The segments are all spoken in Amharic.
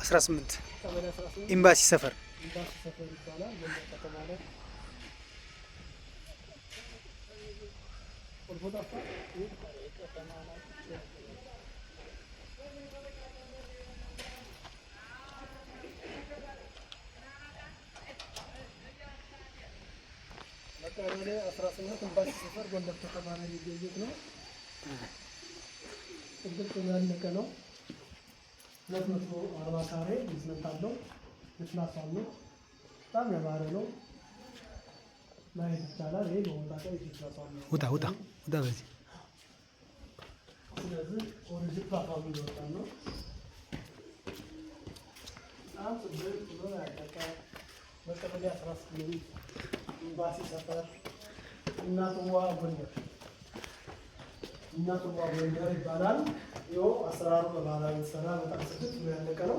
አስራ ስምንት ኤምባሲ ሰፈር ይባላል። ቀበሌ 18 እምባሲ ሰፈር ጎንደር ከተማ ላይ የሚገኙት ነው። ጥብቅ ያለቀ ነው። ሁለት ካሬ ቤዝመንት አለው። ልስላሳ ነው። በጣም ያማረ ነው። ማየት ይቻላል። ይሄ በወጣቀ ልስላሳ ነው። ውጣ ውጣ ውጣ። በዚህ ስለዚህ ኦሪጅን ፕላትፎርም እንደወጣ ነው። በጣም ጥብቅ ብሎ ያለቀ በቀበሌ 18 ኤምባሲ ሰፈር እናትዋ ጎንደር እናትዋ ጎንደር ይባላል። ይኸው አሰራሩ በባህላዊ የተሰራ በጣም ስድስት ብሎ ያለቀ ነው።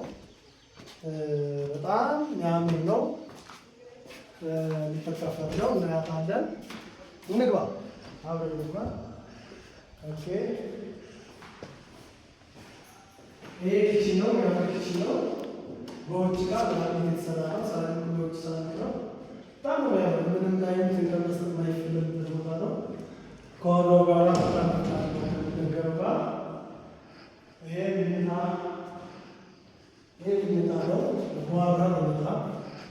በጣም የሚያምር ነው። ሊፈጠፈር ነው። እናያታለን። እንግባ፣ አብረን እንግባ። ኦኬ ይሄ ኪችን ነው፣ ያፈር ኪችን ነው። በውጭ ጋር በጣም የተሰራ ነው። አብሮ በአራት ገባ። ይሄ ምኝታ ይሄ ምኝታ ነው። በኋላ ምኝታ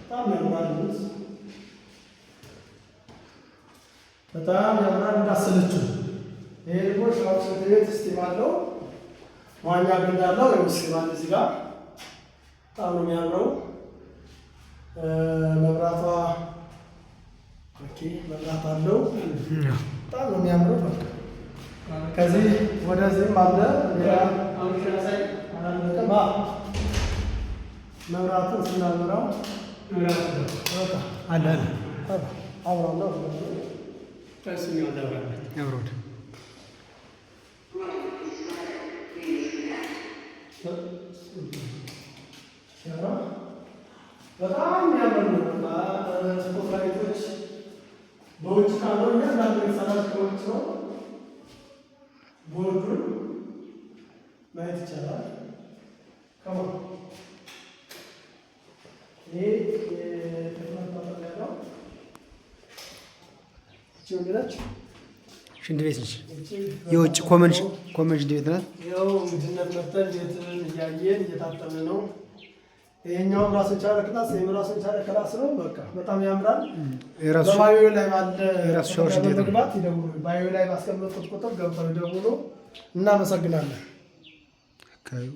በጣም ያምራል። በጣም ያምራል እንዳሰለችው። ይሄ ደግሞ ሻዎች ቤት ስቲም አለው ዋኛ ግንድ አለው። ይሄ ስቲም እዚህ ጋር በጣም ነው የሚያምረው። መብራቷ መብራት አለው ነው የሚያምሩት። ከዚህ ወደዚህም አለ መብራቱን ስናበራው አለ አብራለሁ ያብረድ በጣም ያምሩ ስፖት ላይቶች በውጭ ካለው እያንዳንዱ የተሰራች ከውጭ ነው። ቦርዱን ማየት ይቻላል። ከማ ይህ የትምህርት መጠለያ ነው። ችግረች ሽንት ቤት ነች። የውጭ ኮመን ሽንት ቤት ናት። ያው ምድነት መጠን ቤትን እያየን እየታጠብን ነው። ይሄኛውም ራሱን ቻለ ክላስ ይሄም ራሱን ቻለ ክላስ ነው። በቃ በጣም ያምራል። የራሱ ላይ ባለ የራሱ ሻወር እንዴት ነው? ይደውሉ ባዮ ላይ ባስቀመጥኩት ቁጥር ገብተው ይደውሉ። እናመሰግናለን።